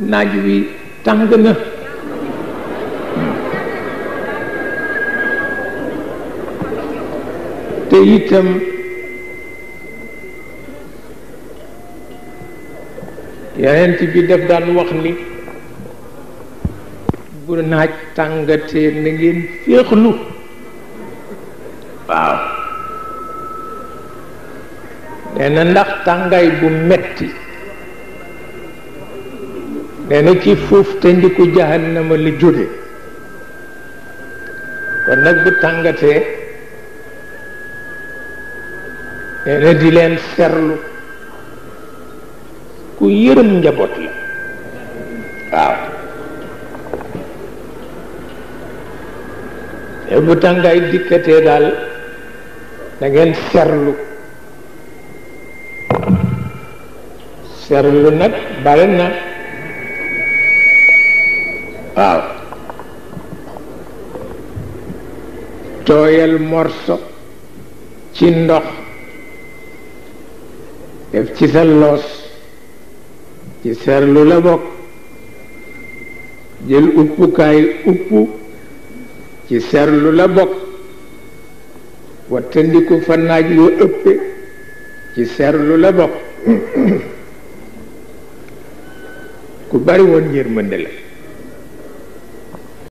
naaj wi tàng na te itam yonent bi daf daan wax ni bu naaj tàngatee na ngeen féexlu waaw nee na ndax tàngaay bu metti nee na ci fuuf te ndiku jahannama la jóge nag bu tàngatee nee di leen serlu ku yërëm njaboot la waaw te bu tàngaay dikkatee daal da ngeen serlu serlu nag bare na waaw tooyal morso ci ndox def ci sa loos ci serlu la bokk jël uppukaay upp ci serlu la bokk wattandiku fa naaj yoo ëppe ci serlu la bokk ku bari woon yërmande la